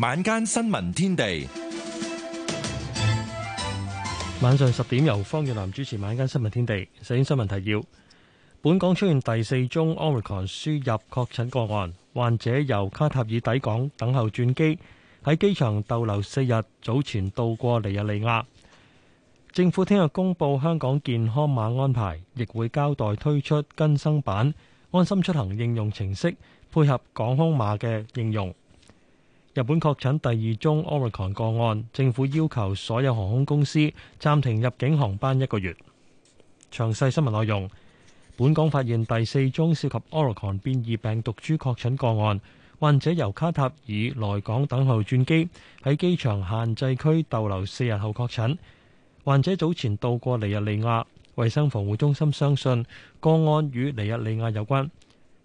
晚間新聞天地，晚上十點由方耀南主持。晚間新聞天地，首先新聞提要：本港出現第四宗 Omicron 輸入確診個案，患者由卡塔爾抵港等候轉機，喺機場逗留四日，早前到過尼日利亞。政府聽日公布香港健康碼安排，亦會交代推出更新版安心出行應用程式，配合港康碼嘅應用。日本確診第二宗奧密克戎個案，政府要求所有航空公司暫停入境航班一個月。詳細新聞內容：本港發現第四宗涉及奧密克戎變異病毒株確診個案，患者由卡塔爾來港等候轉機，喺機場限制區逗留四日後確診。患者早前到過尼日利亞，衛生防護中心相信個案與尼日利亞有關。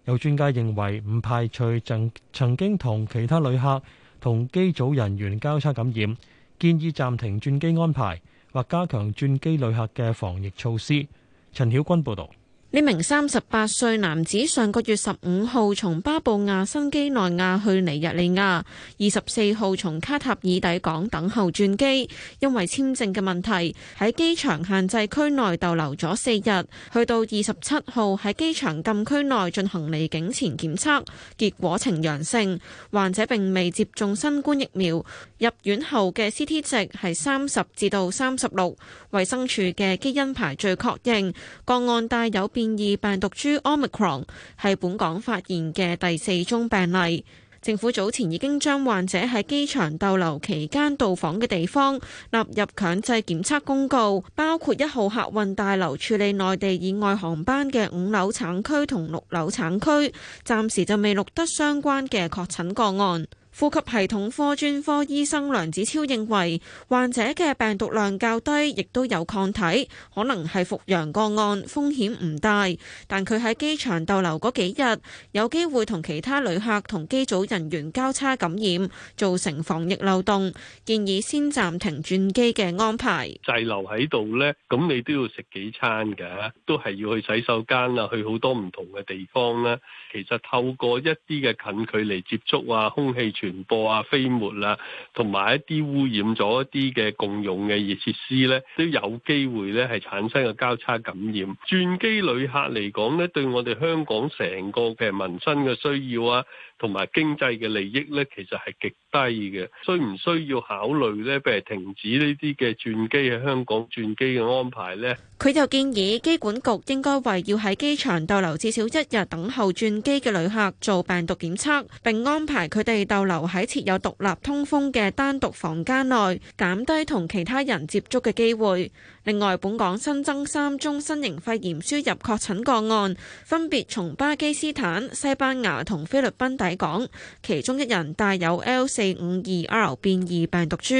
有專家認為唔排除曾曾經同其他旅客同機組人員交叉感染，建議暫停轉機安排，或加強轉機旅客嘅防疫措施。陳曉君報導。呢名三十八歲男子上個月十五號從巴布亞新畿內亞去尼日利亞，二十四號從卡塔爾抵港等候轉機，因為簽證嘅問題喺機場限制區內逗留咗四日，去到二十七號喺機場禁區內進行離境前檢測，結果呈陽性。患者並未接種新冠疫苗，入院後嘅 CT 值係三十至到三十六，衛生署嘅基因排序確認個案帶有變。變異病毒株 Omicron 係本港發現嘅第四宗病例。政府早前已經將患者喺機場逗留期間到訪嘅地方納入強制檢測公告，包括一號客運大樓處理內地以外航班嘅五樓產區同六樓產區，暫時就未錄得相關嘅確診個案。呼吸系統科專科醫生梁子超認為患者嘅病毒量較低，亦都有抗體，可能係復陽個案，風險唔大。但佢喺機場逗留嗰幾日，有機會同其他旅客同機組人員交叉感染，造成防疫漏洞。建議先暫停轉機嘅安排。滯留喺度咧，咁你都要食幾餐㗎，都係要去洗手間啊，去好多唔同嘅地方啦。其實透過一啲嘅近距離接觸啊，空氣。傳播啊、飛沫啊，同埋一啲污染咗一啲嘅共用嘅熱設施咧，都有機會咧係產生嘅交叉感染。轉機旅客嚟講咧，對我哋香港成個嘅民生嘅需要啊。同埋經濟嘅利益呢，其實係極低嘅，需唔需要考慮呢？譬如停止呢啲嘅轉機喺香港轉機嘅安排呢？佢就建議機管局應該為要喺機場逗留至少一日等候轉機嘅旅客做病毒檢測，並安排佢哋逗留喺設有獨立通風嘅單獨房間內，減低同其他人接觸嘅機會。另外，本港新增三宗新型肺炎輸入確診個案，分別從巴基斯坦、西班牙同菲律賓抵港，其中一人帶有 L 四五二 R 變異病毒株。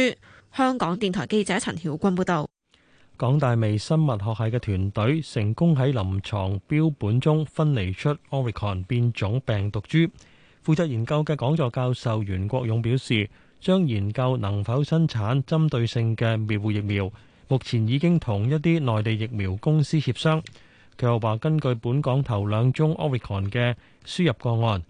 香港電台記者陳曉君報道。港大微生物學系嘅團隊成功喺臨床標本中分離出 Omicron 變種病毒株。負責研究嘅講座教授袁國勇表示，將研究能否生產針對性嘅滅活疫苗。目前已經同一啲內地疫苗公司協商。佢又話根據本港頭兩宗 Omicron 嘅輸入個案，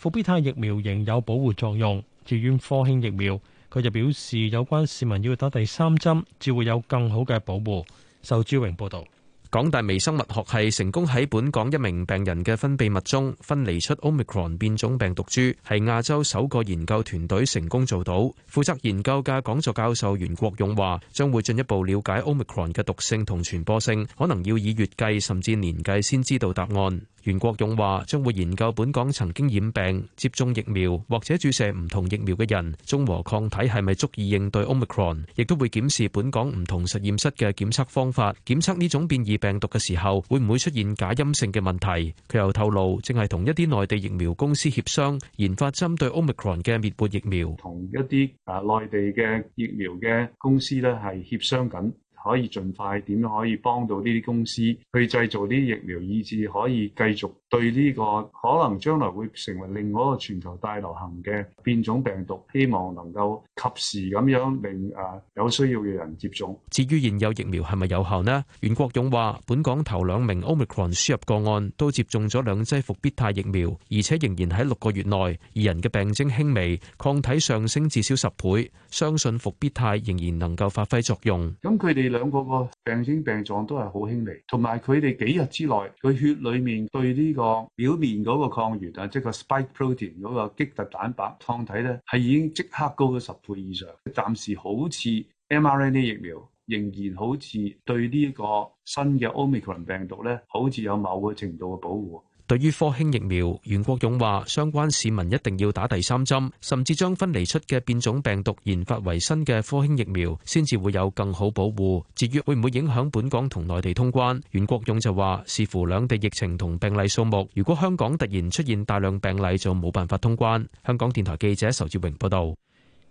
復必泰疫苗仍有保護作用。至於科興疫苗，佢就表示有關市民要打第三針，至會有更好嘅保護。受朱榮報導。港大微生物學系成功喺本港一名病人嘅分泌物中分離出 Omicron 變種病毒株，係亞洲首個研究團隊成功做到。負責研究嘅講座教授袁國勇話，將會進一步了解 Omicron 嘅毒性同傳播性，可能要以月計甚至年計先知道答案。袁國勇話：將會研究本港曾經染病、接種疫苗或者注射唔同疫苗嘅人，中和抗體係咪足以應對 Omicron？亦都會檢視本港唔同實驗室嘅檢測方法，檢測呢種變異病毒嘅時候，會唔會出現假陰性嘅問題？佢又透露，正係同一啲內地疫苗公司協商，研發針對 Omicron 嘅滅活疫苗。同一啲啊內地嘅疫苗嘅公司咧，係協商緊。可以盡快點樣可以幫到呢啲公司去製造啲疫苗，以至可以繼續。對呢個可能將來會成為另外一個全球大流行嘅變種病毒，希望能夠及時咁樣令誒有需要嘅人接種。至於現有疫苗係咪有效呢？袁國勇話：本港頭兩名 Omicron 輸入個案都接種咗兩劑復必泰疫苗，而且仍然喺六個月內，二人嘅病徵輕微，抗體上升至少十倍，相信復必泰仍然能夠發揮作用。咁佢哋兩個個病徵病狀都係好輕微，同埋佢哋幾日之內佢血裡面對呢？這個、表面嗰個抗原啊，即個 spike protein 嗰個激突蛋白抗體咧，係已經即刻高咗十倍以上。暫時好似 mRNA 疫苗，仍然好似對呢個新嘅 Omicron 病毒咧，好似有某個程度嘅保護。對於科興疫苗，袁國勇話：相關市民一定要打第三針，甚至將分離出嘅變種病毒研發為新嘅科興疫苗，先至會有更好保護。至於會唔會影響本港同內地通關，袁國勇就話：視乎兩地疫情同病例數目，如果香港突然出現大量病例，就冇辦法通關。香港電台記者仇志榮報道。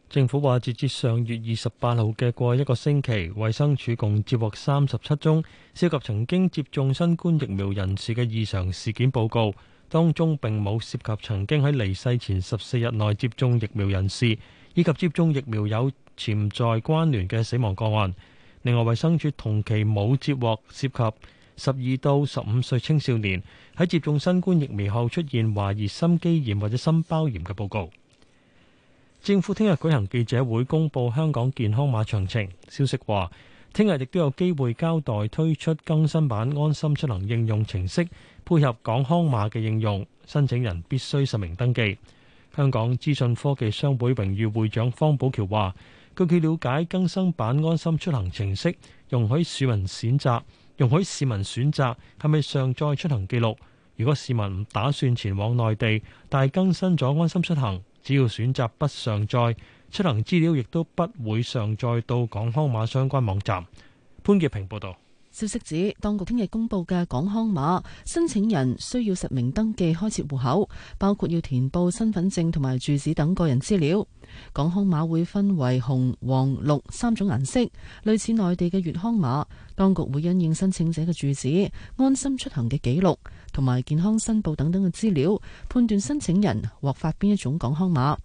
政府話，截至上月二十八號嘅過去一個星期，衛生署共接獲三十七宗涉及曾經接種新冠疫苗人士嘅異常事件報告，當中並冇涉及曾經喺離世前十四日內接種疫苗人士，以及接種疫苗有潛在關聯嘅死亡個案。另外，衛生署同期冇接獲涉及十二到十五歲青少年喺接種新冠疫苗後出現懷疑心肌炎或者心包炎嘅報告。政府聽日舉行記者會，公佈香港健康碼詳情。消息話，聽日亦都有機會交代推出更新版安心出行應用程式，配合港康碼嘅應用，申請人必須實名登記。香港資訊科技商會榮譽會長方寶橋話，據佢了解，更新版安心出行程式容許市民選擇，容許市民選擇係咪上載出行記錄。如果市民唔打算前往內地，但係更新咗安心出行。只要選擇不上載，出行資料亦都不會上載到港康碼相關網站。潘潔平報導。消息指，當局聽日公布嘅港康碼，申請人需要實名登記開設戶口，包括要填報身份證同埋住址等個人資料。港康碼會分為紅、黃、綠三種顏色，類似內地嘅粵康碼。當局會因應申請者嘅住址，安心出行嘅記錄。同埋健康申報等等嘅資料，判斷申請人獲發邊一種港康碼，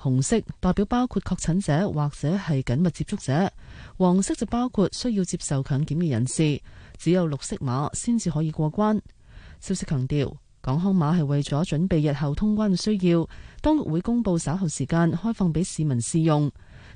紅色代表包括確診者或者係緊密接觸者，黃色就包括需要接受強檢嘅人士，只有綠色碼先至可以過關。消息強調，港康碼係為咗準備日後通關嘅需要，當局會公布稍後時間開放俾市民試用，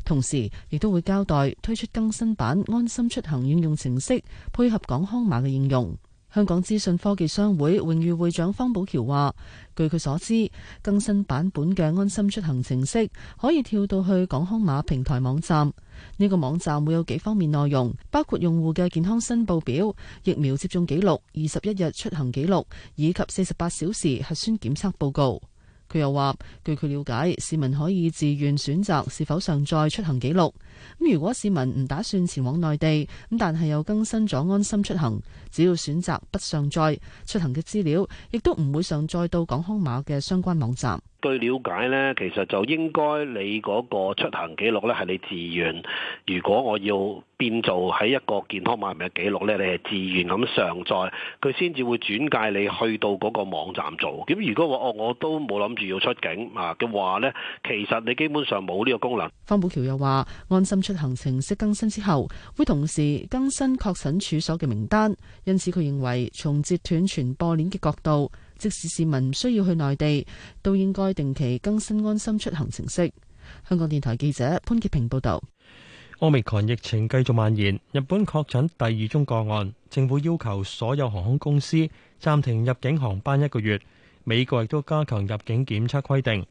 同時亦都會交代推出更新版安心出行應用程式，配合港康碼嘅應用。香港資訊科技商會榮譽會長方寶橋話，據佢所知，更新版本嘅安心出行程式可以跳到去港康碼平台網站。呢個網站會有幾方面內容，包括用戶嘅健康申報表、疫苗接種記錄、二十一日出行記錄以及四十八小時核酸檢測報告。佢又話，據佢了解，市民可以自願選擇是否上載出行記錄。咁如果市民唔打算前往內地，咁但係又更新咗安心出行，只要選擇不上載出行嘅資料，亦都唔會上載到港康碼嘅相關網站。據了解呢，其實就應該你嗰個出行記錄呢係你自願，如果我要變做喺一個健康碼面嘅記錄呢，你係自願咁上載，佢先至會轉介你去到嗰個網站做。咁如果我我都冇諗住要出境啊嘅話呢，其實你基本上冇呢個功能。方寶橋又話安心。安心出行程式更新之後，會同時更新確診處所嘅名單。因此，佢認為從截斷傳播鏈嘅角度，即使市民唔需要去內地，都應該定期更新安心出行程式。香港電台記者潘潔平報導。奧密克戎疫情繼續蔓延，日本確診第二宗個案。政府要求所有航空公司暫停入境航班一個月。美國亦都加強入境檢測規定。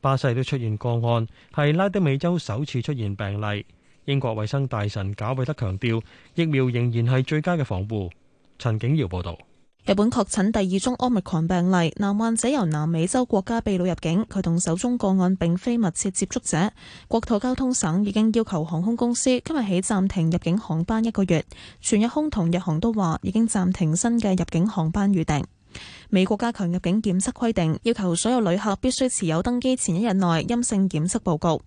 巴西都出現個案，係拉丁美洲首次出現病例。英國衛生大臣賈偉德強調，疫苗仍然係最佳嘅防護。陳景堯報道，日本確診第二宗奧密克戎病例，男患者由南美洲國家秘魯入境，佢同首宗個案並非密切接觸者。國土交通省已經要求航空公司今日起暫停入境航班一個月。全日空同日航都話已經暫停新嘅入境航班預訂。美國加強入境檢測規定，要求所有旅客必須持有登機前一日內陰性檢測報告。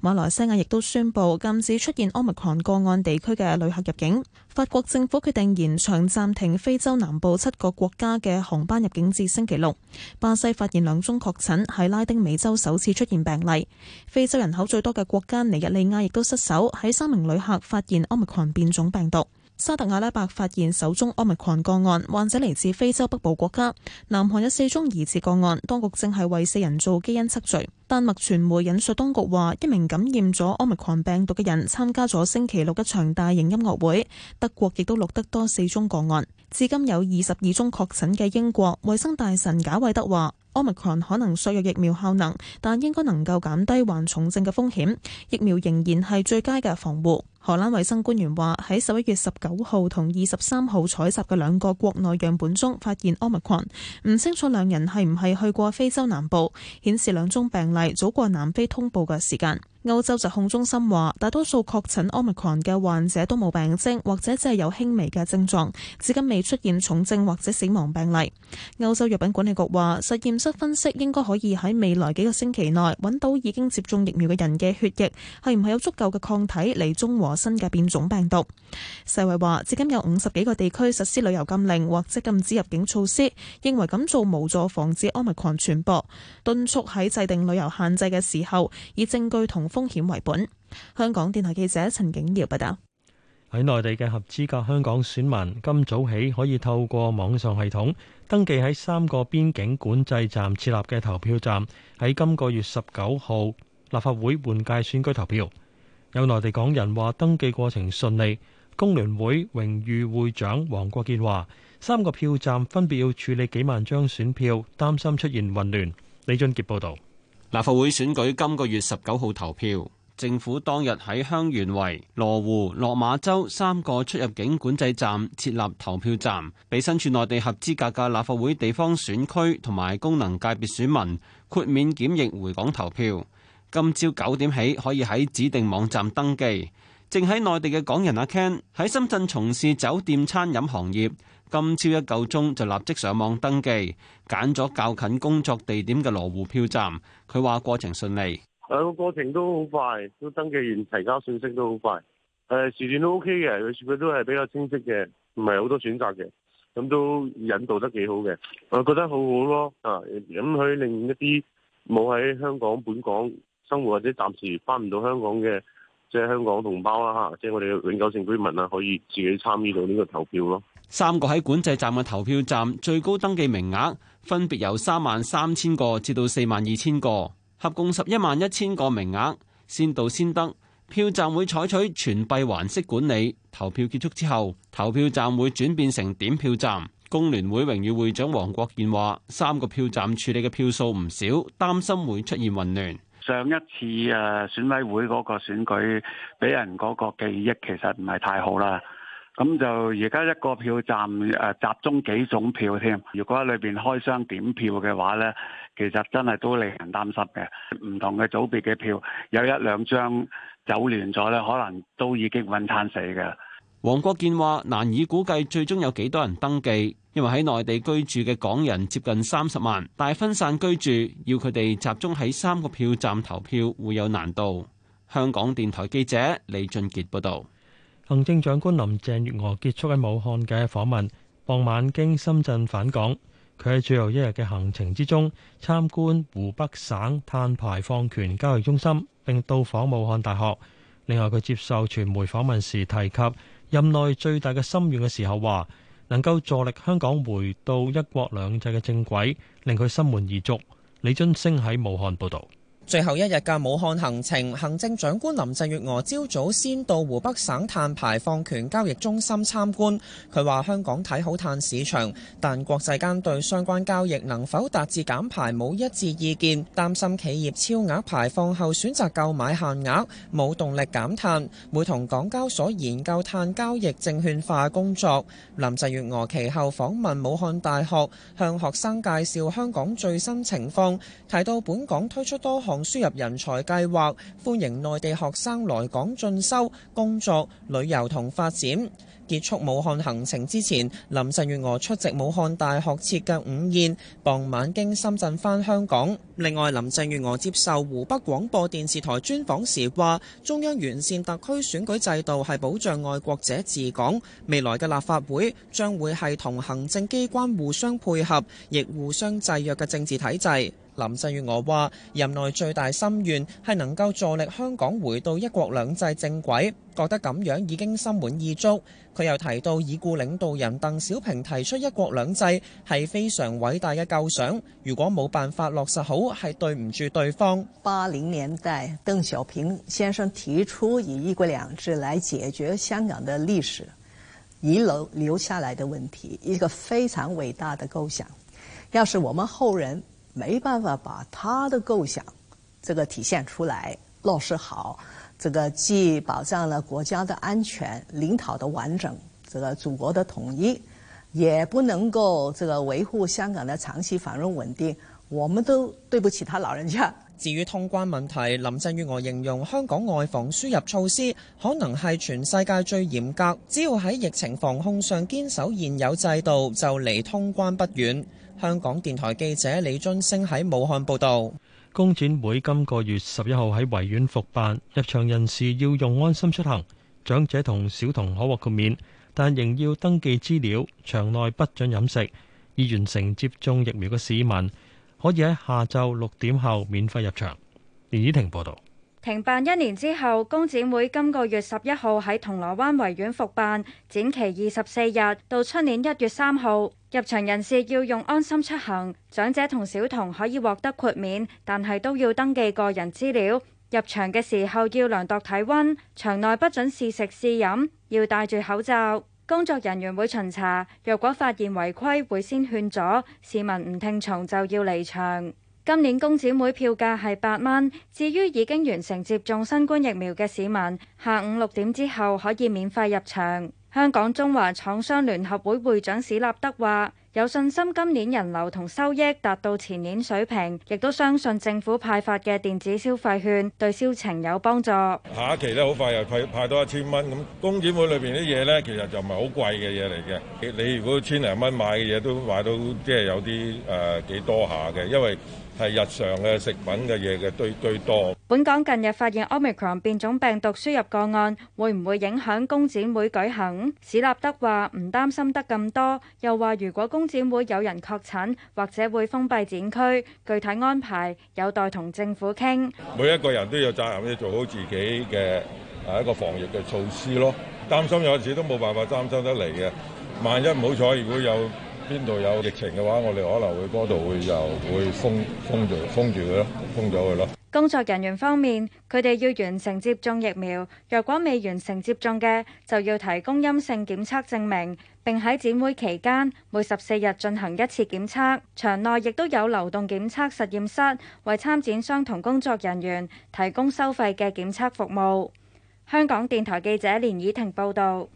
馬來西亞亦都宣布禁止出現奧密克戎個案地區嘅旅客入境。法國政府決定延長暫停非洲南部七個國家嘅航班入境至星期六。巴西發現兩宗確診，喺拉丁美洲首次出現病例。非洲人口最多嘅國家尼日利亞亦都失守，喺三名旅客發現奧密克戎變種病毒。沙特阿拉伯發現首宗奧密克戎個案，患者嚟自非洲北部國家。南韓有四宗疑似個案，當局正係為四人做基因測序。丹麥傳媒引述當局話，一名感染咗奧密克戎病毒嘅人參加咗星期六一場大型音樂會。德國亦都錄得多四宗個案，至今有二十二宗確診嘅英國衛生大臣賈偉德話，奧密克戎可能削弱疫苗效能，但應該能夠減低患重症嘅風險，疫苗仍然係最佳嘅防護。荷蘭衛生官員話，喺十一月十九號同二十三號採集嘅兩個國內樣本中發現 Omicron，唔清楚兩人係唔係去過非洲南部，顯示兩宗病例早過南非通報嘅時間。歐洲疾控中心話，大多數確診 Omicron 嘅患者都冇病徵，或者只係有輕微嘅症狀，至今未出現重症或者死亡病例。歐洲藥品管理局話，實驗室分析應該可以喺未來幾個星期內揾到已經接種疫苗嘅人嘅血液，係唔係有足夠嘅抗體嚟中和新嘅變種病毒，世衛話至今有五十幾個地區實施旅遊禁令或者禁止入境措施，認為咁做無助防止奧密克戎傳播，敦促喺制定旅遊限制嘅時候以證據同風險為本。香港電台記者陳景耀報道。喺內地嘅合資格香港選民今早起可以透過網上系統登記喺三個邊境管制站設立嘅投票站，喺今個月十九號立法會換屆選舉投票。有內地港人話登記過程順利，工聯會榮譽會長黃國健話：三個票站分別要處理幾萬張選票，擔心出現混亂。李俊傑報導。立法會選舉今個月十九號投票，政府當日喺香園圍、羅湖、落馬洲三個出入境管制站設立投票站，俾身處內地合資格嘅立法會地方選區同埋功能界別選民豁免檢疫回港投票。今朝九點起可以喺指定網站登記。淨喺內地嘅港人阿 Ken 喺深圳從事酒店餐飲行業，今朝一夠鐘就立即上網登記，揀咗較近工作地點嘅羅湖票站。佢話過程順利，誒個過程都好快，都登記完提交信息都好快。誒時段都 OK 嘅，佢全都係比較清晰嘅，唔係好多選擇嘅，咁都引導得幾好嘅。我覺得好好，啊，咯，啊咁佢另一啲冇喺香港本港。生活或者暫時翻唔到香港嘅，即係香港同胞啦，吓，即係我哋永久性居民啊可以自己參與到呢個投票咯。三個喺管制站嘅投票站最高登記名額分別由三萬三千個至到四萬二千個，合共十一萬一千個名額先到先得。票站會採取全閉環式管理，投票結束之後投票站會轉變成點票站。工聯會榮譽會長黃國健話，三個票站處理嘅票數唔少，擔心會出現混亂。上一次誒選委會嗰個選舉，俾人嗰個記憶其實唔係太好啦。咁就而家一個票站誒集中幾種票添，如果喺裏面開箱點票嘅話呢，其實真係都令人擔心嘅。唔同嘅組別嘅票有一兩張走亂咗呢，可能都已經揾餐死嘅。黃國健話，難以估計最終有幾多人登記，因為喺內地居住嘅港人接近三十萬，但分散居住，要佢哋集中喺三個票站投票會有難度。香港電台記者李俊杰報道。行政長官林鄭月娥結束喺武漢嘅訪問，傍晚經深圳返港。佢喺最後一日嘅行程之中，參觀湖北省碳排放權交易中心，並到訪武漢大學。另外，佢接受傳媒訪問時提及，任內最大嘅心願嘅時候話，能夠助力香港回到一國兩制嘅正軌，令佢心滿意足。李津升喺武漢報導。最後一日嘅武漢行程，行政長官林鄭月娥朝早先到湖北省碳排放權交易中心參觀。佢話：香港睇好碳市場，但國際間對相關交易能否達至減排冇一致意見，擔心企業超額排放後選擇購買限額，冇動力減碳。會同港交所研究碳交易證券化工作。林鄭月娥其後訪問武漢大學，向學生介紹香港最新情況，提到本港推出多項輸入人才計劃歡迎內地學生來港進修、工作、旅遊同發展。結束武漢行程之前，林鄭月娥出席武漢大學設嘅午宴，傍晚經深圳返香港。另外，林鄭月娥接受湖北廣播電視台專訪時話，中央完善特區選舉制度係保障愛國者治港，未來嘅立法會將會係同行政機關互相配合，亦互相制約嘅政治體制。林鄭月娥話：任內最大心願係能夠助力香港回到一國兩制正軌，覺得咁樣已經心滿意足。佢又提到已故領導人鄧小平提出一國兩制係非常偉大嘅構想，如果冇辦法落實好，係對唔住對方。八零年代，鄧小平先生提出以一國兩制來解決香港的歷史遺留留下來的問題，一個非常偉大的構想。要是我們後人沒辦法把他的構想這個體現出來，落實好，這個既保障了國家的安全、領土的完整、這個祖國的統一，也不能夠這個維護香港的長期繁榮穩定，我們都對不起他老人家。至於通關問題，林鄭月娥形容香港外防輸入措施可能係全世界最嚴格，只要喺疫情防控上堅守現有制度，就離通關不遠。香港電台記者李津升喺武漢報道。公展會今個月十一號喺維園復辦，入場人士要用安心出行，長者同小童可獲豁免，但仍要登記資料。場內不准飲食，已完成接種疫苗嘅市民可以喺下晝六點後免費入場。連綺婷報道。停辦一年之後，工展會今個月十一號喺銅鑼灣維園復辦，展期二十四日，到出年一月三號。入場人士要用安心出行，長者同小童可以獲得豁免，但係都要登記個人資料。入場嘅時候要量度體温，場內不准試食試飲，要戴住口罩。工作人員會巡查，若果發現違規，會先勸阻，市民唔聽從就要離場。今年工展會票價係八蚊。至於已經完成接種新冠疫苗嘅市民，下午六點之後可以免費入場。香港中華廠商聯合會會長史立德話：有信心今年人流同收益達到前年水平，亦都相信政府派發嘅電子消費券對銷情有幫助。下一期呢，好快又派派多一千蚊咁，工展會裏邊啲嘢呢，其實就唔係好貴嘅嘢嚟嘅。你你如果千零蚊買嘅嘢都買到，即係有啲誒幾多下嘅，因為係日常嘅食品嘅嘢嘅最最多。本港近日發現 Omicron 變種病毒輸入個案，會唔會影響公展會舉行？史立德話唔擔心得咁多，又話如果公展會有人確診，或者會封閉展區，具體安排有待同政府傾。每一個人都有責任要做好自己嘅啊一個防疫嘅措施咯。擔心有時都冇辦法擔心得嚟嘅，萬一唔好彩如果有。邊度有疫情嘅話，我哋可能會嗰度會又會封封住封住佢咯，封咗佢咯。工作人員方面，佢哋要完成接種疫苗，若果未完成接種嘅，就要提供陰性檢測證明。並喺展會期間每十四日進行一次檢測。場內亦都有流動檢測實驗室，為參展商同工作人員提供收費嘅檢測服務。香港電台記者連以婷報導。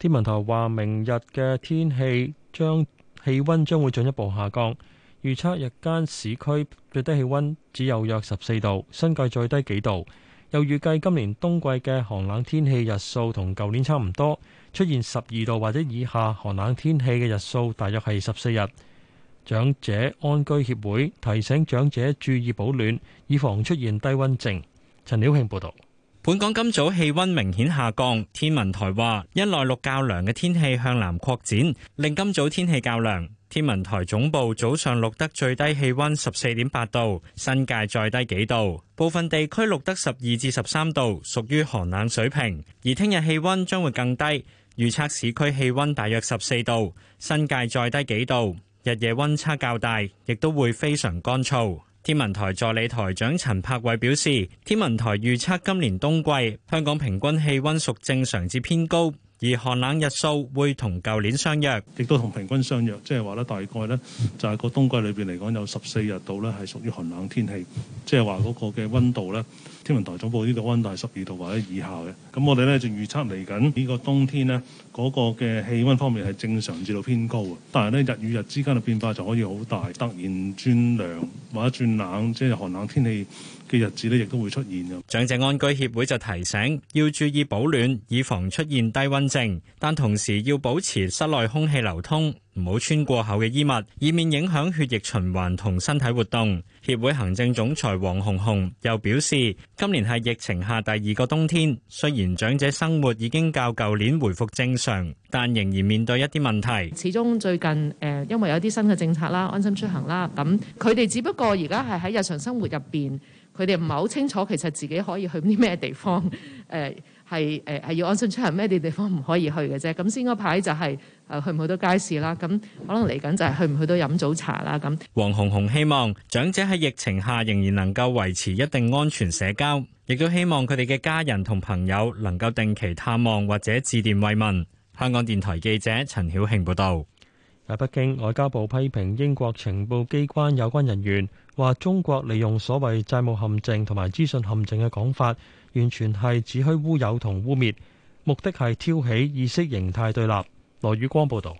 天文台話，明日嘅天氣將氣温將會進一步下降，預測日間市區最低氣温只有約十四度，新界最低幾度。又預計今年冬季嘅寒冷天氣日數同舊年差唔多，出現十二度或者以下寒冷天氣嘅日數，大約係十四日。長者安居協會提醒長者注意保暖，以防出現低温症。陳曉慶報導。本港今早氣溫明顯下降，天文台話，因內陸較涼嘅天氣向南擴展，令今早天氣較涼。天文台總部早上錄得最低氣溫十四點八度，新界再低幾度，部分地區錄得十二至十三度，屬於寒冷水平。而聽日氣溫將會更低，預測市區氣溫大約十四度，新界再低幾度，日夜溫差較大，亦都會非常乾燥。天文台助理台長陳柏偉表示，天文台預測今年冬季香港平均氣溫屬正常至偏高。而寒冷日數會同舊年相約，亦都同平均相約，即係話咧大概咧就係個冬季裏面嚟講有十四日度咧係屬於寒冷天氣，即係話嗰個嘅溫度咧，天文台總部呢度溫度係十二度或者以下嘅。咁我哋咧就預測嚟緊呢個冬天呢，嗰、那個嘅氣溫方面係正常至到偏高，但係呢，日與日之間嘅變化就可以好大，突然轉涼或者轉冷，即係寒冷天氣。嘅日子呢，亦都會出現。長者安居協會就提醒要注意保暖，以防出現低温症。但同時要保持室內空氣流通，唔好穿過厚嘅衣物，以免影響血液循環同身體活動。協會行政總裁黃紅紅又表示，今年係疫情下第二個冬天，雖然長者生活已經較舊年回復正常，但仍然面對一啲問題。始終最近，呃，因為有啲新嘅政策啦，安心出行啦，咁佢哋只不過而家係喺日常生活入面。佢哋唔係好清楚，其實自己可以去啲咩地方？誒係，誒係要安心出行咩，啲地方唔可以去嘅啫。咁先嗰排就係誒，去唔去到街市啦。咁可能嚟緊就係去唔去到飲早茶啦。咁。黃鴻鴻希望長者喺疫情下仍然能夠維持一定安全社交，亦都希望佢哋嘅家人同朋友能夠定期探望或者致電慰問。香港電台記者陳曉慶報導。喺北京，外交部批評英國情報機關有關人員。話中國利用所謂債務陷阱同埋資訊陷阱嘅講法，完全係子虛烏有同污蔑，目的係挑起意識形態對立。羅宇光報道。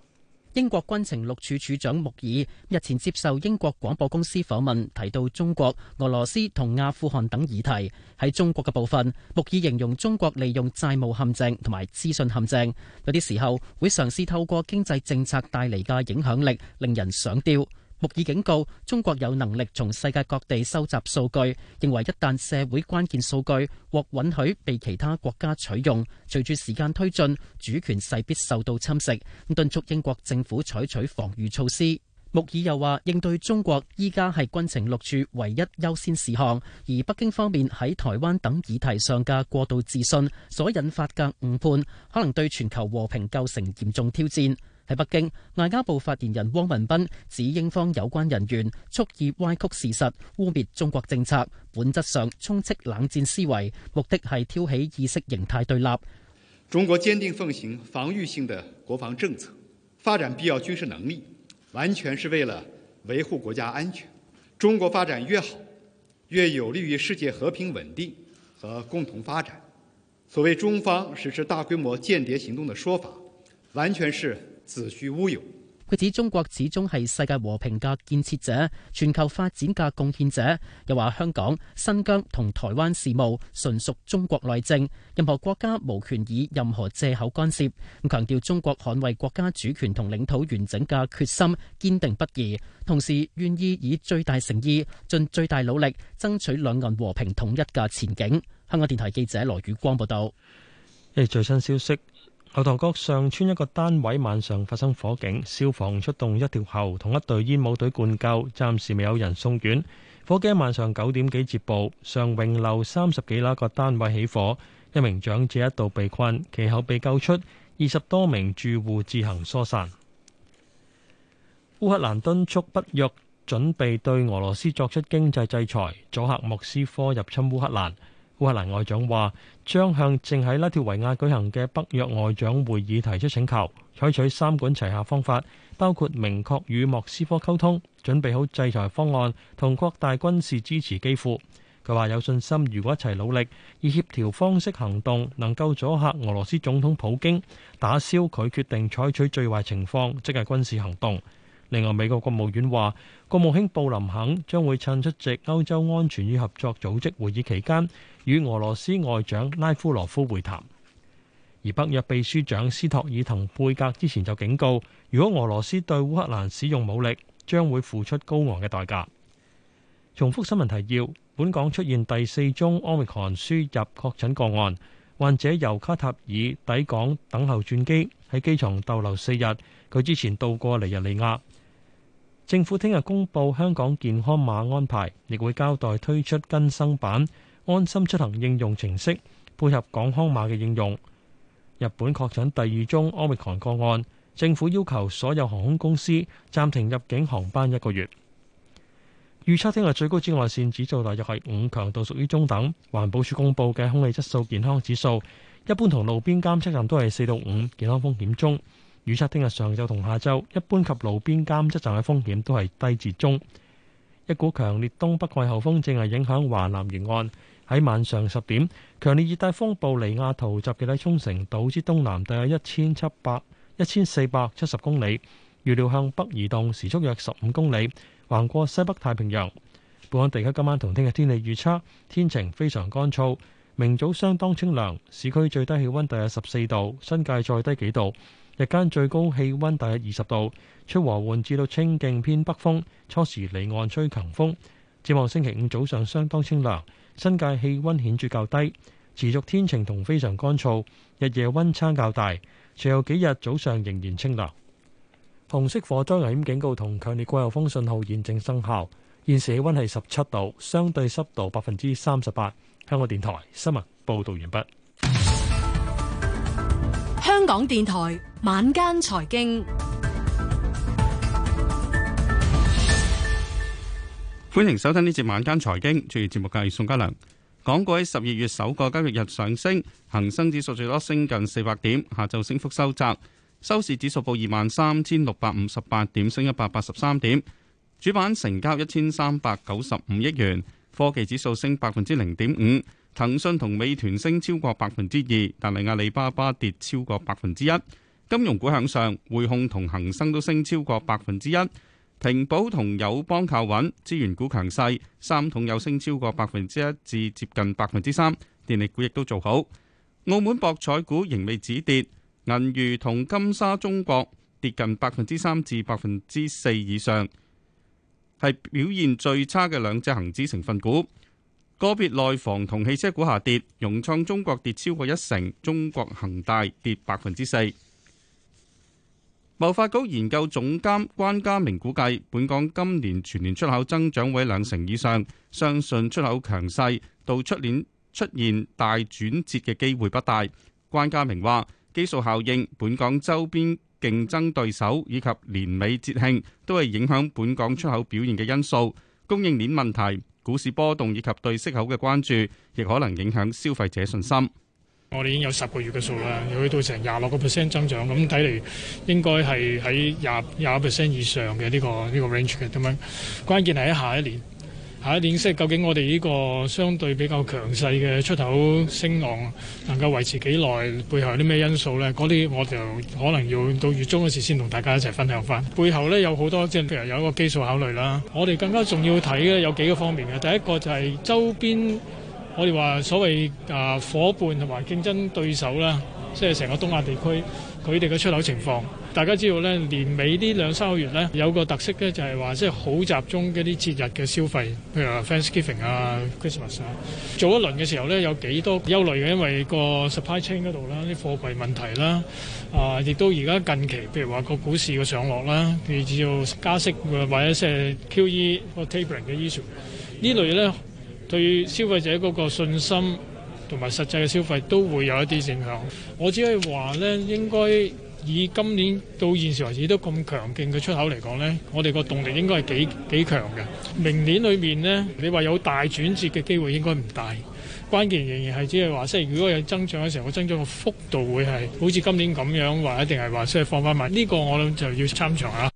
英國軍情六處處長穆爾日前接受英國廣播公司訪問，提到中國、俄羅斯同阿富汗等議題。喺中國嘅部分，穆爾形容中國利用債務陷阱同埋資訊陷阱，有啲時候會嘗試透過經濟政策帶嚟嘅影響力，令人上吊。木爾警告中國有能力從世界各地收集數據，認為一旦社會關鍵數據獲允許被其他國家取用，隨住時間推進，主權勢必受到侵蝕，敦促英國政府採取防禦措施。木爾又話，應對中國依家係軍情六處唯一優先事項，而北京方面喺台灣等議題上嘅過度自信所引發嘅誤判，可能對全球和平構成嚴重挑戰。喺北京，外交部發言人汪文斌指英方有關人員蓄意歪曲事實、污蔑中國政策，本質上充斥冷戰思維，目的係挑起意識形態對立。中國堅定奉行防禦性的國防政策，發展必要軍事能力，完全是為了維護國家安全。中國發展越好，越有利於世界和平穩定和共同發展。所謂中方實施大規模間諜行動的說法，完全是子虛烏有。佢指中國始終係世界和平嘅建設者、全球發展嘅貢獻者，又話香港、新疆同台灣事務純屬中國內政，任何國家無權以任何借口干涉。咁強調中國捍衛國家主權同領土完整嘅決心堅定不移，同時願意以最大誠意、盡最大努力爭取兩岸和平統一嘅前景。香港電台記者羅宇光報道。一係最新消息。牛頭角上村一個單位晚上發生火警，消防出動一條喉同一隊煙霧隊灌救，暫時未有人送院。火警晚上九點幾接報，上榮樓三十幾樓一個單位起火，一名長者一度被困，其後被救出，二十多名住戶自行疏散。烏克蘭敦促北約準備對俄羅斯作出經濟制裁，阻嚇莫斯科入侵烏克蘭。烏克蘭外長話，將向正喺拉脫維亞舉行嘅北約外長會議提出請求，採取三管齊下方法，包括明確與莫斯科溝通，準備好制裁方案，同擴大軍事支持基輔。佢話有信心，如果一齊努力，以協調方式行動，能夠阻嚇俄羅斯總統普京，打消佢決定採取最壞情況，即係軍事行動。另外，美國國務院話，國務卿布林肯將會趁出席歐洲安全與合作組織會議期間，與俄羅斯外長拉夫羅夫會談。而北約秘書長斯托爾滕貝格之前就警告，如果俄羅斯對烏克蘭使用武力，將會付出高昂嘅代價。重複新聞提要：本港出現第四宗奧密克戎輸入確診個案，患者由卡塔爾抵港等候轉機，喺機場逗留四日。佢之前到過尼日利亞。政府聽日公布香港健康碼安排，亦會交代推出更新版安心出行應用程式，配合港康碼嘅應用。日本確診第二宗奧密克戎個案，政府要求所有航空公司暫停入境航班一個月。預測聽日最高紫外線指數大約係五，強度屬於中等。環保署公布嘅空氣質素健康指數，一般同路邊監測站都係四到五，健康風險中。預測聽日上晝同下晝，一般及路邊監測站嘅風險都係低至中。一股強烈東北季候風正係影響華南沿岸。喺晚上十點，強烈熱帶風暴尼亞圖集結喺沖繩島之東南，大約一千七百一千四百七十公里，預料向北移動，時速約十五公里，橫過西北太平洋。本港地區今晚同聽日天氣預測，天晴非常乾燥，明早相當清涼，市區最低氣溫大約十四度，新界再低幾度。日間最高氣温大約二十度，出和緩至到清勁偏北風，初時離岸吹強風。展望星期五早上相當清涼，新界氣温顯著較低，持續天晴同非常乾燥，日夜温差較大。隨後幾日早上仍然清涼。紅色火災危險警告同強烈季候風信號現正生效。現時氣温係十七度，相對濕度百分之三十八。香港電台新聞報道完畢。香港電台晚間財經，歡迎收聽呢節晚間財經。主持節目嘅係宋家良。港股喺十二月首個交易日上升，恒生指數最多升近四百點，下晝升幅收窄，收市指數報二萬三千六百五十八點，升一百八十三點。主板成交一千三百九十五億元，科技指數升百分之零點五。騰訊同美團升超過百分之二，但係阿里巴巴跌超過百分之一。金融股向上，匯控同恒生都升超過百分之一。平保同友邦靠穩，資源股強勢，三桶油升超過百分之一至接近百分之三。電力股亦都做好。澳門博彩股仍未止跌，銀娛同金沙中國跌近百分之三至百分之四以上，係表現最差嘅兩隻恒指成分股。個別內房同汽車股下跌，融創中國跌超過一成，中國恒大跌百分之四。貿發局研究總監關家明估計，本港今年全年出口增長會兩成以上，相信出口強勢到出年出現大轉折嘅機會不大。關家明話，基數效應、本港周邊競爭對手以及年尾節慶都係影響本港出口表現嘅因素，供應鏈問題。股市波動以及對息口嘅關注，亦可能影響消費者信心。我哋已經有十個月嘅數啦，又去到成廿六個 percent 增長，咁睇嚟，應該係喺廿廿 percent 以上嘅呢個呢個 range 嘅咁樣，關鍵係喺下一年。下一點即係究竟我哋呢個相對比較強勢嘅出口升浪能夠維持幾耐？背後有啲咩因素呢？嗰啲我就可能要到月中嗰時先同大家一齊分享翻。背後呢，有好多即係譬如有一個基數考慮啦。我哋更加重要睇嘅有幾個方面嘅。第一個就係周邊，我哋話所謂啊夥伴同埋競爭對手啦，即係成個東亞地區佢哋嘅出口情況。大家知道咧，年尾呢兩三個月咧，有個特色咧，就係話即係好集中嗰啲節日嘅消費，譬如話 Thanksgiving 啊，Christmas 啊。早一輪嘅時候咧，有幾多憂慮嘅，因為個 supply chain 嗰度啦，啲貨櫃問題啦，啊，亦都而家近期譬如話個股市嘅上落啦，譬如要加息或者即係 QE 嘅 tapering 嘅 issue，呢類咧對消費者嗰個信心同埋實際嘅消費都會有一啲影響。我只可以話咧，應該，以今年到現時為止都咁強勁嘅出口嚟講呢，我哋個動力應該係幾幾強嘅。明年裏面呢，你話有大轉折嘅機會應該唔大。關鍵仍然係只係話，即係如果有增長嘅時候，個增長嘅幅度會係好似今年咁樣，話一定係話即係放翻埋呢個，我諗就要參詳啦。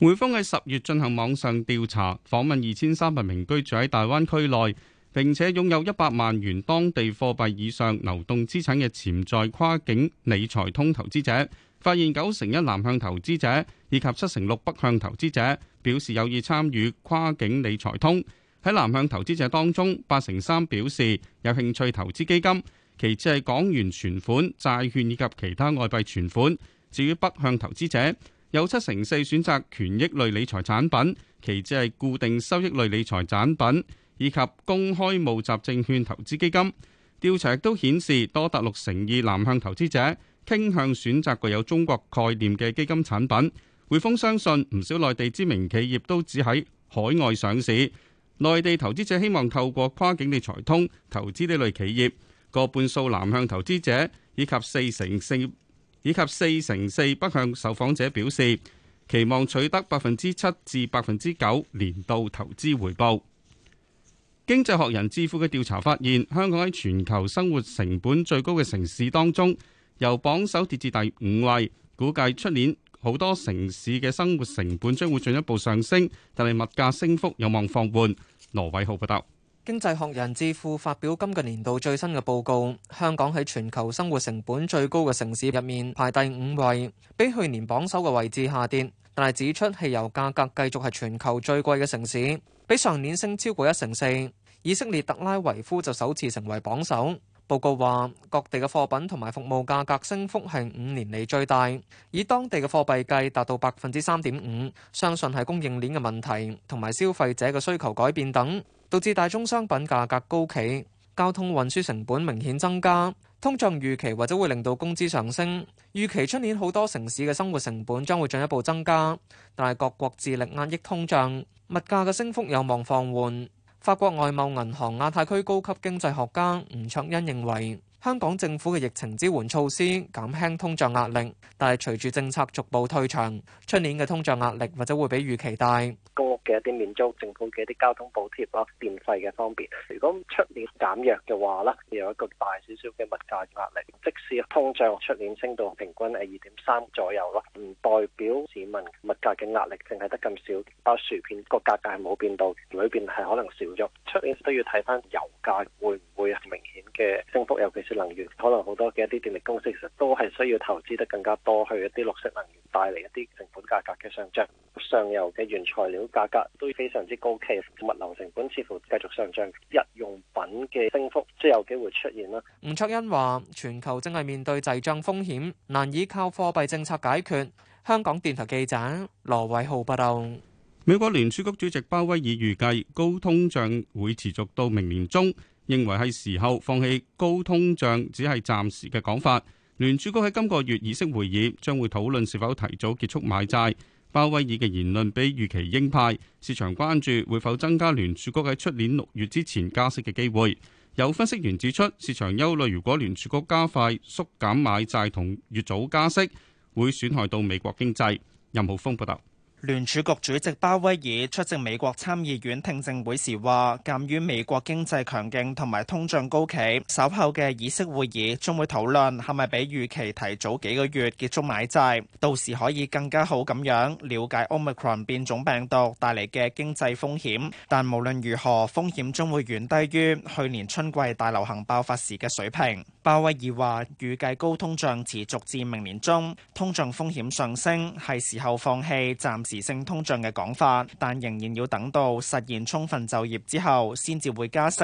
匯豐喺十月進行網上調查，訪問二千三百名居住喺大灣區內，並且擁有一百萬元當地貨幣以上流動資產嘅潛在跨境理財通投資者，發現九成一南向投資者以及七成六北向投資者表示有意參與跨境理財通。喺南向投資者當中，八成三表示有興趣投資基金，其次係港元存款、債券以及其他外幣存款。至於北向投資者，有七成四選擇權益類理財產品，其次係固定收益類理財產品。以及公開募集證券投資基金調查亦都顯示，多達六成二南向投資者傾向選擇具有中國概念嘅基金產品。匯豐相信唔少內地知名企業都只喺海外上市，內地投資者希望透過跨境理財通投資呢類企業。過半數南向投資者以及四成四以及四成四北向受訪者表示，期望取得百分之七至百分之九年度投資回報。經濟學人智庫嘅調查發現，香港喺全球生活成本最高嘅城市當中，由榜首跌至第五位。估計出年好多城市嘅生活成本將會進一步上升，但係物價升幅有望放緩。羅偉浩報道，經濟學人智庫發表今個年度最新嘅報告，香港喺全球生活成本最高嘅城市入面排第五位，比去年榜首嘅位置下跌。但係指出，汽油價格繼續係全球最貴嘅城市。比上年升超過一成四，以色列特拉維夫就首次成為榜首。報告話，各地嘅貨品同埋服務價格升幅係五年嚟最大，以當地嘅貨幣計達到百分之三點五，相信係供應鏈嘅問題同埋消費者嘅需求改變等，導致大宗商品價格高企。交通運輸成本明顯增加，通脹預期或者會令到工資上升。預期出年好多城市嘅生活成本將會進一步增加，但係各國致力壓抑通脹，物價嘅升幅有望放緩。法國外貿銀行亞太區高級經濟學家吳卓恩認為，香港政府嘅疫情支援措施減輕通脹壓力，但係隨住政策逐步退場，出年嘅通脹壓力或者會比預期大。嘅一啲免租、政府嘅一啲交通補貼啦、電費嘅方面，如果出年減弱嘅話啦，有一個大少少嘅物價壓力。即使通脹出年升到平均係二點三左右啦，唔代表市民物價嘅壓力淨係得咁少。包薯片個價格係冇變到，裏邊係可能少咗。出年都要睇翻油價會唔會明顯嘅升幅，尤其是能源。可能好多嘅一啲電力公司其實都係需要投資得更加多去一啲綠色能源帶嚟一啲成本價格嘅上漲。上游嘅原材料價。價都非常之高企，物流成本似乎繼續上漲，日用品嘅升幅即有機會出現啦。吳卓欣話全球正係面對滯脹風險，難以靠貨幣政策解決，香港電台記者羅偉浩報導。美國聯儲局主席鮑威爾預計高通脹會持續到明年中，認為係時候放棄高通脹只係暫時嘅講法。聯儲局喺今個月議息會議將會討論是否提早結束買債。鮑威爾嘅言論比預期鷹派，市場關注會否增加聯儲局喺出年六月之前加息嘅機會。有分析員指出，市場憂慮如果聯儲局加快縮減買債同越早加息，會損害到美國經濟。任浩峰報道。聯儲局主席鮑威爾出席美國參議院聽證會時話，鑒於美國經濟強勁同埋通脹高企，稍後嘅議息會議將會討論係咪比預期提早幾個月結束買債，到時可以更加好咁樣了解 Omicron 變種病毒帶嚟嘅經濟風險。但無論如何，風險將會遠低於去年春季大流行爆發時嘅水平。鮑威爾話，預計高通脹持續至明年中，通脹風險上升係時候放棄暫時時性通脹嘅講法，但仍然要等到實現充分就業之後，先至會加息。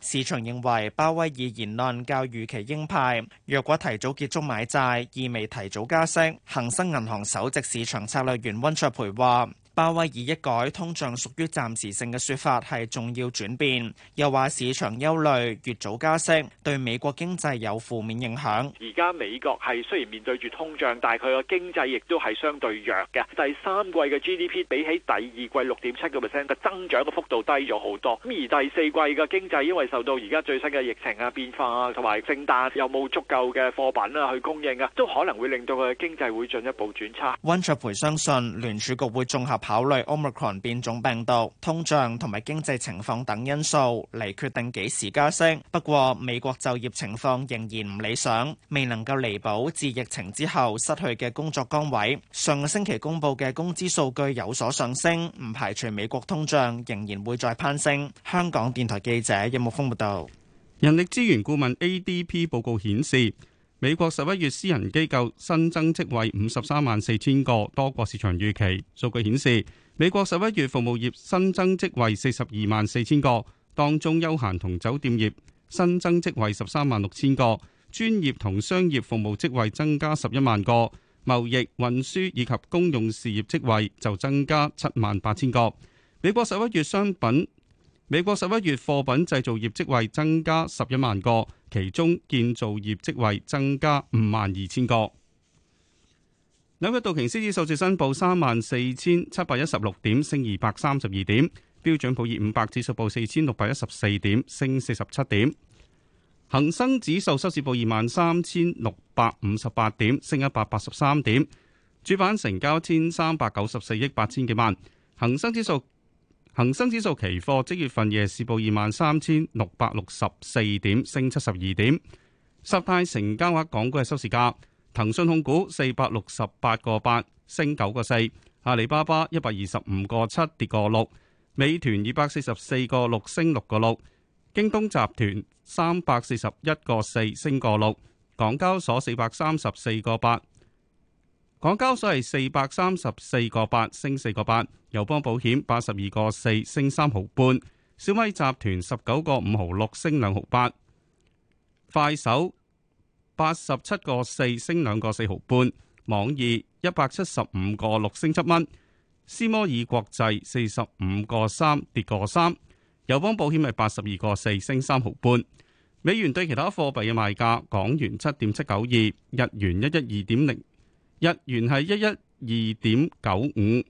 市場認為鮑威爾言論較預期鷹派，若果提早結束買債，意味提早加息。恒生銀行首席市場策略員溫卓培話。鮑威爾一改通脹屬於暫時性嘅說法，係重要轉變，又話市場憂慮越早加息對美國經濟有負面影響。而家美國係雖然面對住通脹，但係佢個經濟亦都係相對弱嘅。第三季嘅 GDP 比起第二季六點七個 percent 嘅增長嘅幅度低咗好多。咁而第四季嘅經濟因為受到而家最新嘅疫情啊變化啊，同埋聖誕又冇足夠嘅貨品啦去供應啊，都可能會令到佢經濟會進一步轉差。溫卓培相信聯儲局會綜合。考慮 Omicron 變種病毒，通脹同埋經濟情況等因素嚟決定幾時加息。不過，美國就業情況仍然唔理想，未能夠彌補自疫情之後失去嘅工作崗位。上個星期公布嘅工資數據有所上升，唔排除美國通脹仍然會再攀升。香港電台記者任木峰報道，人力資源顧問 ADP 報告顯示。美國十一月私人機構新增職位五十三萬四千個，多過市場預期。數據顯示，美國十一月服務業新增職位四十二萬四千個，當中休閒同酒店業新增職位十三萬六千個，專業同商業服務職位增加十一萬個，貿易、運輸以及公用事業職位就增加七萬八千個。美國十一月商品美國十一月貨品製造業職位增加十一萬個，其中建造業職位增加五萬二千個。紐約道瓊斯指數申報三萬四千七百一十六點，升二百三十二點；標準普爾五百指數報四千六百一十四點，升四十七點。恒生指數收市報二萬三千六百五十八點，升一百八十三點。主板成交一千三百九十四億八千幾萬。恒生指數。恒生指數期貨即月份夜市報二萬三千六百六十四點，升七十二點。十大成交額港股嘅收市價：騰訊控股四百六十八個八，升九個四；阿里巴巴一百二十五個七，跌個六；美團二百四十四個六，升六個六；京東集團三百四十一個四，升個六；港交所四百三十四個八。港交所係四百三十四個八升四個八，友邦保險八十二個四升三毫半，小米集團十九個五毫六升兩毫八，快手八十七個四升兩個四毫半，網易一百七十五個六升七蚊，斯摩爾國際四十五個三跌個三，友邦保險係八十二個四升三毫半，美元對其他貨幣嘅賣價，港元七點七九二，日元一一二點零。日元係一一二點九五，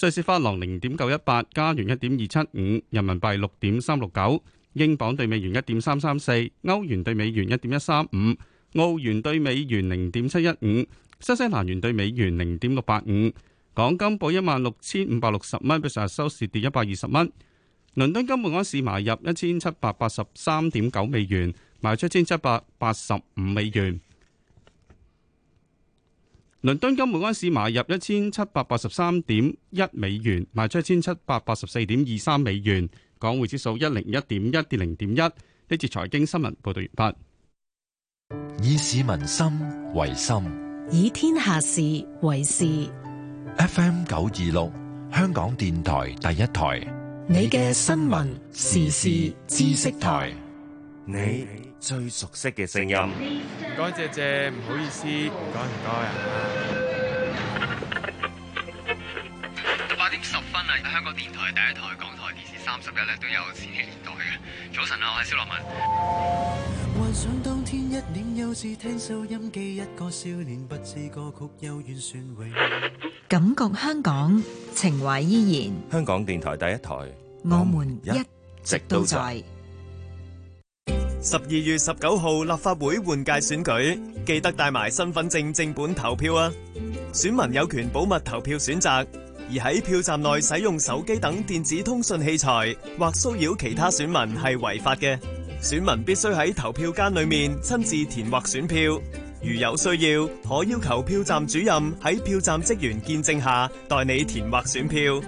瑞士法郎零點九一八，加元一點二七五，人民幣六點三六九，英鎊對美元一點三三四，歐元對美元一點一三五，澳元對美元零點七一五，新西蘭元對美元零點六八五。港金報一萬六千五百六十蚊，比上日收市跌一百二十蚊。倫敦金每安士買入一千七百八十三點九美元，賣出一千七百八十五美元。倫敦金每安士買入一千七百八十三點一美元，賣出一千七百八十四點二三美元。港匯指數一零一點一跌零點一。呢次財經新聞報道完畢。以市民心為心，以天下事為事。F M 九二六，香港電台第一台，你嘅新聞時事知識台，你。最熟悉嘅聲音，唔該謝謝，唔好意思，唔該唔該。到八點十分啦，而家香港電台第一台、港台電視三十一咧，都有《千禧年代》嘅早晨啊，我係蕭樂文。幻想當天一臉幼稚，聽收音機，一個少年，不知歌曲幽怨旋律。感覺香港情懷依然，香港電台第一台，我們一直都在。十二月十九號立法會換屆選舉，記得帶埋身份證正本投票啊！選民有權保密投票選擇，而喺票站內使用手機等電子通訊器材或騷擾其他選民係違法嘅。選民必須喺投票間裏面親自填劃選票，如有需要可要求票站主任喺票站職員見證下代你填劃選票。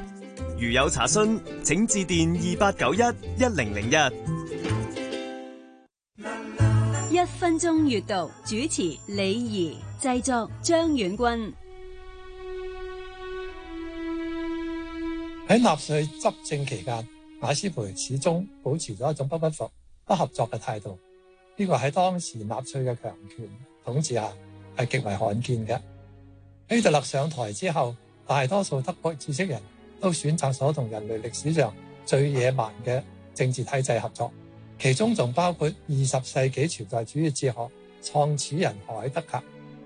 如有查詢，請致電二八九一一零零一。分鐘閱讀主持李怡，製作張遠軍。喺納粹執政期間，雅斯培始終保持咗一種不不服、不合作嘅態度，呢個喺當時納粹嘅強權統治下係極為罕見嘅。希特勒上台之後，大多數德國知識人都選擇咗同人類歷史上最野蠻嘅政治體制合作。其中仲包括二十世紀存在主義哲學創始人海德格。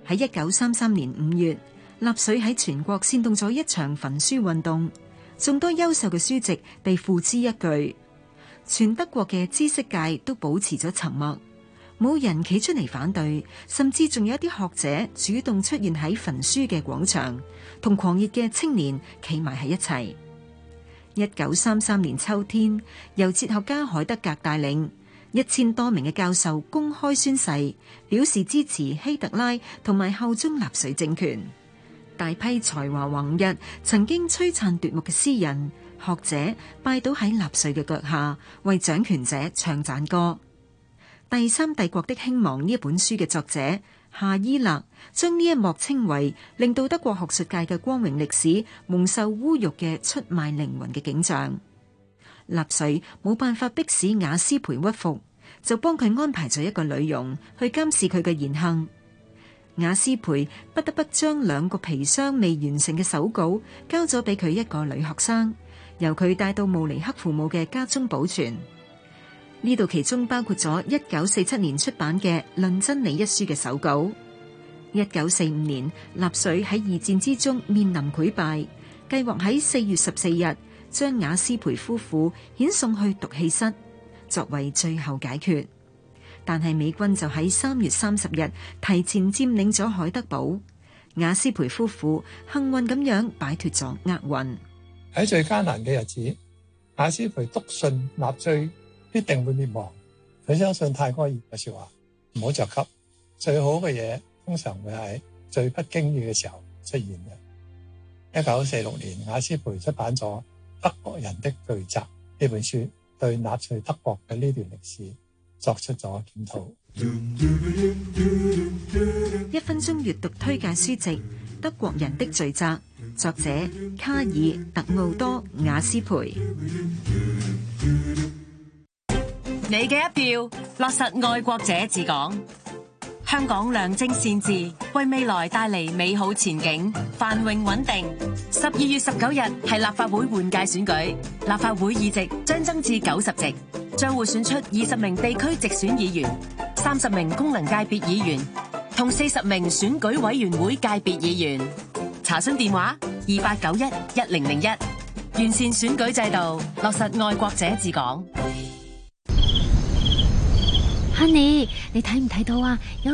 喺一九三三年五月，納粹喺全國煽動咗一場焚書運動，眾多優秀嘅書籍被付之一炬。全德國嘅知識界都保持咗沉默，冇人企出嚟反對，甚至仲有一啲學者主動出現喺焚書嘅廣場，同狂熱嘅青年企埋喺一齊。一九三三年秋天，由哲學家海德格帶領一千多名嘅教授公開宣誓，表示支持希特拉同埋后中納粹政權。大批才華橫溢、曾經璀璨奪目嘅詩人、學者，拜倒喺納粹嘅腳下，為掌權者唱讚歌。《第三帝國的興亡》呢本書嘅作者，夏伊勒將呢一幕稱為令到德國學術界嘅光榮歷史蒙受污辱嘅出賣靈魂嘅景象。納粹冇辦法迫使雅斯培屈服，就幫佢安排咗一個女傭去監視佢嘅言行。雅斯培不得不將兩個皮箱未完成嘅手稿交咗俾佢一個女學生，由佢帶到慕尼克父母嘅家中保存。呢度其中包括咗一九四七年出版嘅《論真理一書》嘅手稿。一九四五年，納粹喺二戰之中面臨潰敗，計劃喺四月十四日將雅斯培夫婦遣送去毒氣室，作為最後解決。但係美軍就喺三月三十日提前占領咗海德堡，雅斯培夫婦幸運咁樣擺脫咗厄運。喺最艱難嘅日子，雅斯培篤信納粹必定會滅亡。佢相信泰戈爾嘅說話，唔好着急。最好嘅嘢通常會喺最不經意嘅時候出現嘅。一九四六年，雅斯培出版咗《德國人的罪責》呢本書，對納粹德國嘅呢段歷史作出咗檢討。一分鐘閱讀推介書籍《德國人的罪責》，作者卡爾特奧多雅斯培。你嘅一票，落實愛國者治港。香港良政善治，為未來帶嚟美好前景，繁榮穩定。12月19日係立法會換屆選舉立法會議席將增至90 Honey，你睇唔睇到啊？有